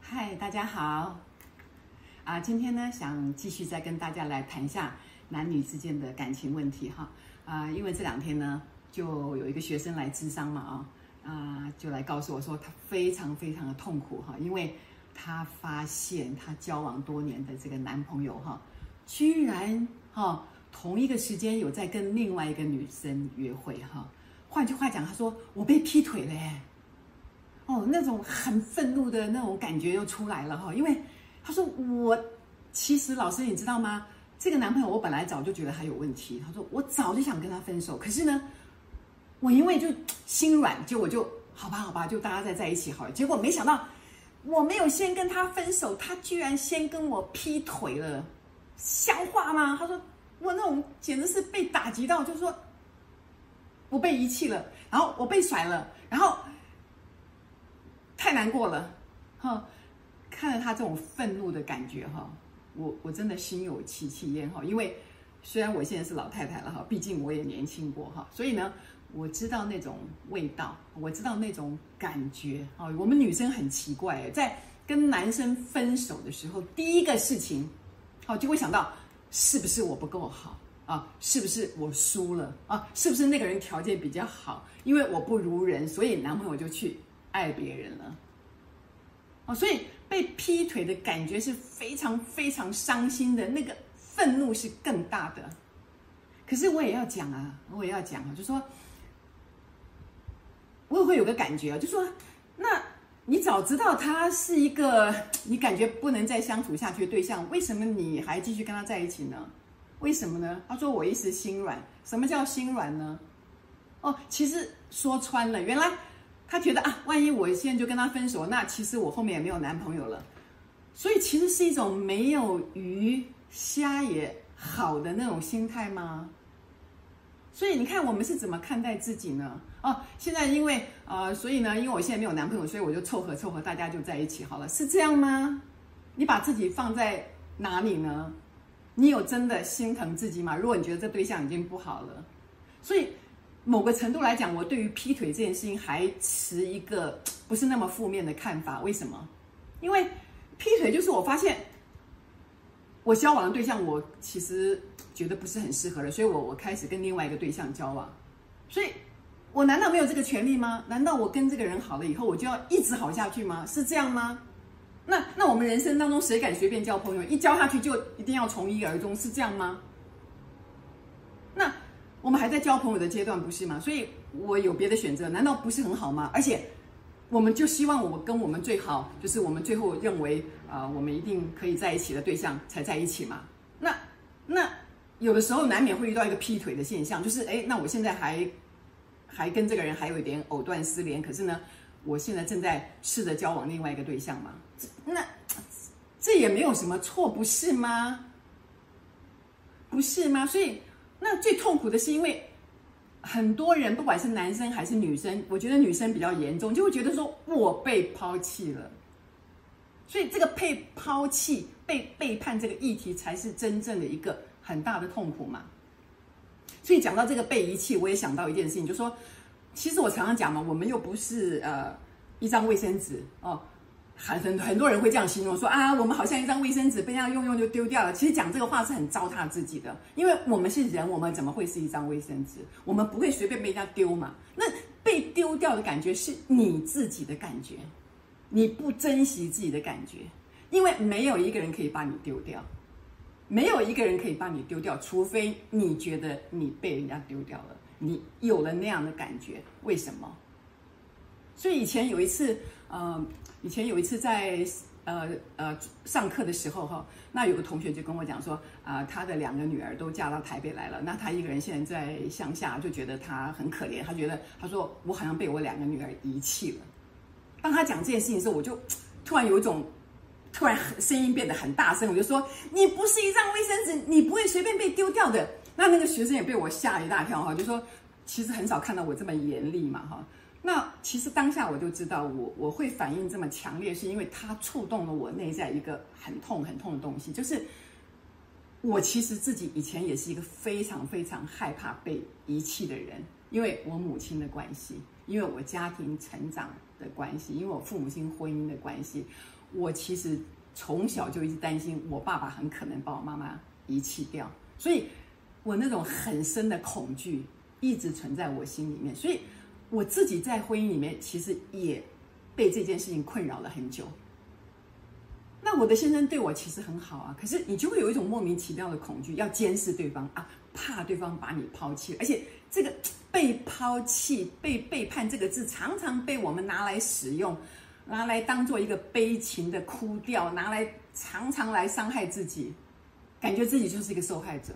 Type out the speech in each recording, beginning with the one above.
嗨，大家好。啊，今天呢，想繼續再跟大家來談一下男女之間的感情問題哈。啊，因為這兩天呢，就有一個學生來諮商嘛，啊，啊，就來告訴我說，他非常非常的痛苦哈，因為他發現他交往多年的這個男朋友哈，居然哈。啊同一個時間有在跟另外一個女生約會哈，換句話講，他說我被劈腿了耶。哦，那種很憤怒的那種感覺又出來了哈，因為他說我其實老師你知道嗎？這個男朋友我本來早就覺得他有問題，他說我早就想跟他分手，可是呢，我因為就心軟，就我就好吧好吧，就大家再在一起好了。結果沒想到我沒有先跟他分手，他居然先跟我劈腿了，像話嗎？他說。哇，那種簡直是被打擊到，就是說，我被遺棄了，然後我被甩了，然後太難過了，哈，看着他這種憤怒的感覺，哈，我我真的心有戚戚焉，哈，因為雖然我現在是老太太了，哈，畢竟我也年輕過，哈，所以呢，我知道那種味道，我知道那種感覺，啊，我們女生很奇怪誒，在跟男生分手的時候，第一個事情，好就會想到是不是我不夠好啊？是不是我輸了啊？是不是那個人條件比較好？因為我不如人，所以男朋友就去愛別人了。哦，所以被劈腿的感覺是非常非常傷心的，那個憤怒是更大的。可是我也要講啊，我也要講啊，就是說我也會有個感覺啊，就是說那。你早知道他是一個你感覺不能再相處下去的對象，為什麼你還繼續跟他在一起呢？為什麼呢？他說我一時心軟。什麼叫心軟呢？哦，其實說穿了，原來他覺得啊，萬一我現在就跟他分手，那其實我後面也沒有男朋友了，所以其實是一種沒有魚蝦也好的那種心態嗎？所以你看，我們是怎麼看待自己呢？哦，現在因為呃，所以呢，因為我現在沒有男朋友，所以我就湊合湊合，大家就在一起好了，是這樣嗎？你把自己放在哪裡呢？你有真的心疼自己嗎？如果你覺得這對象已經不好了，所以某個程度來講，我對於劈腿這件事情還持一個不是那麼負面的看法。為什麼？因為劈腿就是我發現。我交往的對象，我其實覺得不是很適合了，所以我我開始跟另外一個對象交往，所以我難道沒有這個權利嗎？難道我跟這個人好了以後，我就要一直好下去嗎？是這樣嗎？那那我們人生當中誰敢隨便交朋友？一交下去就一定要從一而終，是這樣嗎？那我們還在交朋友的階段，不是嗎？所以我有別的選擇，難道不是很好嗎？而且。我們就希望我跟我們最好就是我們最後認為啊、呃，我們一定可以在一起的對象才在一起嘛。那那有的時候難免會遇到一個劈腿的現象，就是誒，那我現在還還跟這個人還有一點藕斷絲連，可是呢，我現在正在試着交往另外一個對象嘛。那這也沒有什麼錯，不是嗎？不是嗎？所以那最痛苦的是因為。很多人不管是男生還是女生，我覺得女生比較嚴重，就會覺得說我被拋棄了，所以這個被拋棄、被背叛這個議題，才是真正的一個很大的痛苦嘛。所以講到這個被遺棄，我也想到一件事情，就說，其實我常常講嘛，我們又不是呃一張衛生紙哦。很多人會這樣形容說啊，我們好像一張衛生紙被人家用用就丟掉了。其實講這個話是很糟蹋自己的，因為我們是人，我們怎麼會是一張衛生紙？我們不會隨便被人家丟嘛？那被丟掉的感覺是你自己的感覺，你不珍惜自己的感覺，因為沒有一個人可以把你丟掉，沒有一個人可以把你丟掉，除非你覺得你被人家丟掉了，你有了那樣的感覺，為什麼？所以以前有一次，呃，以前有一次在呃呃上課的時候哈，那有個同學就跟我講說，啊、呃，他的兩個女兒都嫁到台北來了，那他一個人現在在鄉下，就覺得他很可憐，他覺得他說我好像被我兩個女兒遺棄了。當他講這件事情的時候，我就突然有一種突然聲音變得很大聲，我就說你不是一張衛生紙，你不會隨便被丟掉的。那那個學生也被我嚇了一大跳哈，就說其實很少看到我這麼嚴厲嘛哈。那其實當下我就知道我，我我會反應這麼強烈，是因為它觸動了我內在一個很痛、很痛的東西。就是我其實自己以前也是一個非常非常害怕被遺棄的人，因為我母親的關係，因為我家庭成長的關係，因為我父母親婚姻的關係，我其實從小就一直擔心，我爸爸很可能把我媽媽遺棄掉，所以我那種很深的恐懼一直存在我心裡面，所以。我自己在婚姻裡面，其實也被這件事情困擾了很久。那我的先生對我其實很好啊，可是你就會有一種莫名其妙的恐懼，要監視對方啊，怕對方把你拋棄，而且這個被拋棄、被背叛這個字，常常被我們拿來使用，拿來當做一個悲情的哭調，拿來常常來傷害自己，感覺自己就是一個受害者。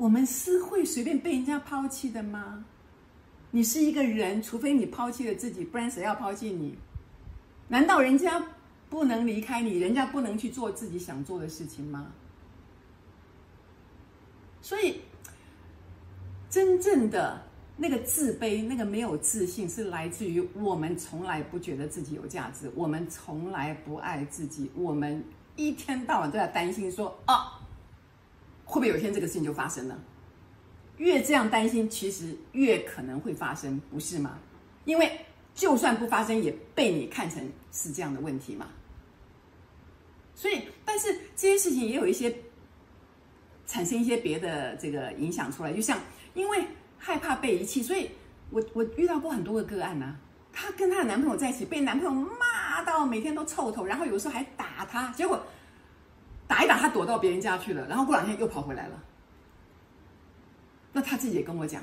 我們是會隨便被人家拋棄的嗎？你是一個人，除非你拋棄了自己，不然誰要拋棄你？難道人家不能離開你，人家不能去做自己想做的事情嗎？所以，真正的那個自卑、那個沒有自信，是來自於我們從來不覺得自己有價值，我們從來不愛自己，我們一天到晚都要擔心說，啊。會不會有一天這個事情就發生了？越這樣擔心，其實越可能會發生，不是嗎？因為就算不發生，也被你看成是這樣的問題嘛。所以，但是這些事情也有一些產生一些別的這個影響出來，就像因為害怕被遺棄，所以我我遇到過很多個個案呢、啊，她跟她的男朋友在一起，被男朋友罵到每天都臭頭，然後有時候還打她，結果。打一打，他躲到別人家去了，然後過兩天又跑回來了。那他自己也跟我講，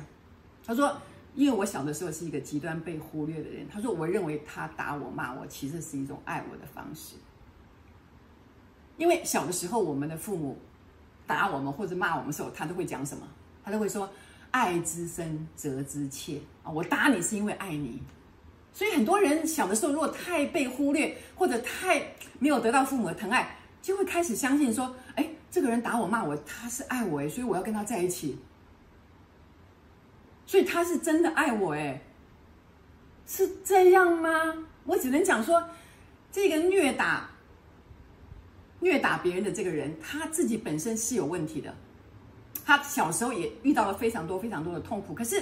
他說：“因為我小的時候是一個極端被忽略的人。”他說：“我認為他打我罵我，其實是一種愛我的方式。因為小的時候，我們的父母打我們或者罵我們的時候，他都會講什麼？他都會說‘愛之深，責之切’啊！我打你是因為愛你。所以很多人小的時候，如果太被忽略，或者太沒有得到父母的疼愛。”就會開始相信說：“哎，這個人打我罵我，他是愛我哎，所以我要跟他在一起。所以他是真的愛我哎，是這樣嗎？”我只能講說，這個虐打、虐打別人的這個人，他自己本身是有問題的。他小時候也遇到了非常多、非常多的痛苦。可是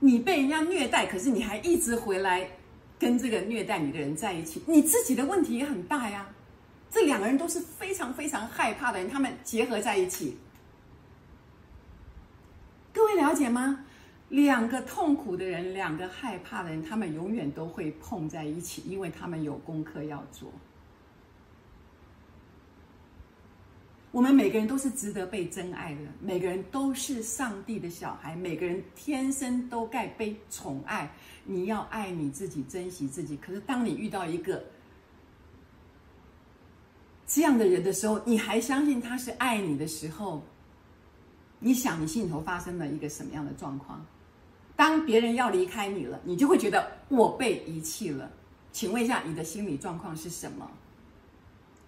你被人家虐待，可是你還一直回來跟這個虐待你的人在一起，你自己的問題也很大呀。這兩個人都是非常非常害怕的人，他們結合在一起。各位了解嗎？兩個痛苦的人，兩個害怕的人，他們永遠都會碰在一起，因為他們有功課要做。我們每個人都是值得被真愛的，每個人都是上帝的小孩，每個人天生都該被寵愛。你要愛你自己，珍惜自己。可是當你遇到一個……這樣的人的時候，你還相信他是愛你的時候，你想你心裡頭發生了一個什麼樣的狀況？當別人要離開你了，你就會覺得我被遺棄了。請問一下，你的心理狀況是什麼？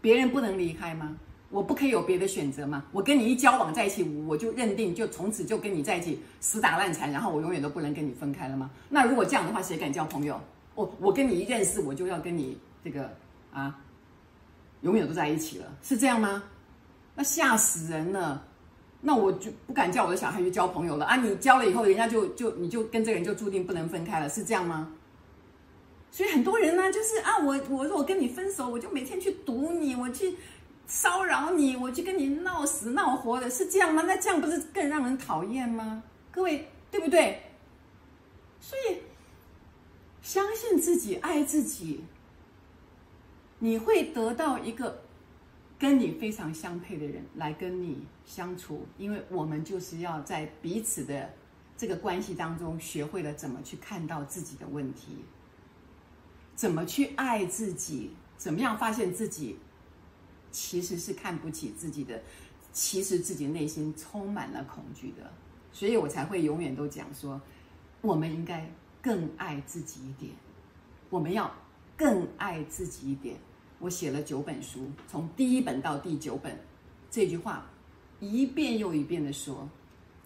別人不能離開嗎？我不可以有別的選擇嗎？我跟你一交往在一起，我就認定就從此就跟你在一起，死打爛纏，然後我永遠都不能跟你分開了嗎？那如果這樣的話，誰敢交朋友？我我跟你一認識，我就要跟你這個啊。永遠都在一起了，是這樣嗎？那嚇死人了！那我就不敢叫我的小孩去交朋友了啊！你交了以後，人家就就你就跟這個人就注定不能分開了，是這樣嗎？所以很多人呢，就是啊，我我說我跟你分手，我就每天去堵你，我去騷擾你，我去跟你鬧死鬧活的，是這樣嗎？那這樣不是更讓人討厭嗎？各位對不對？所以，相信自己，愛自己。你會得到一個跟你非常相配的人來跟你相處，因為我們就是要在彼此的這個關係當中，學會了怎麼去看到自己的問題，怎麼去愛自己，怎麼樣發現自己其實是看不起自己的，其實自己內心充滿了恐懼的，所以我才會永遠都講說，我們應該更愛自己一點，我們要更愛自己一點。我寫了九本書，從第一本到第九本，這句話一遍又一遍地說。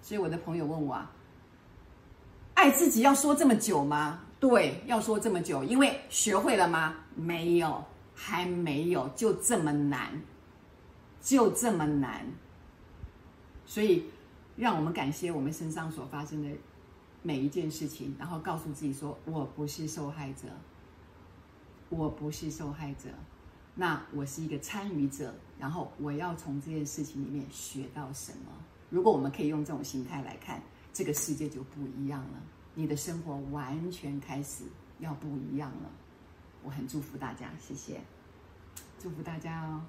所以我的朋友問我啊，愛自己要說這麼久嗎？對，要說這麼久，因為學會了嗎？沒有，還沒有，就這麼難，就這麼難。所以，讓我們感謝我們身上所發生的每一件事情，然後告訴自己說，我不是受害者，我不是受害者。那我是一個參與者，然後我要從這件事情裡面學到什麼？如果我們可以用這種心態來看，這個世界就不一樣了，你的生活完全開始要不一樣了。我很祝福大家，謝謝，祝福大家哦。